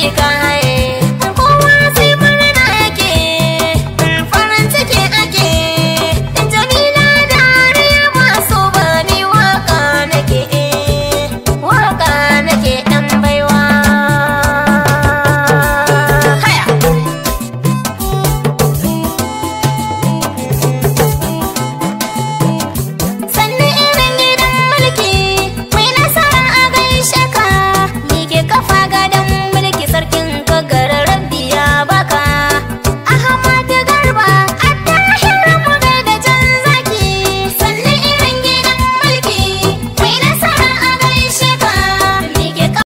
Jamaican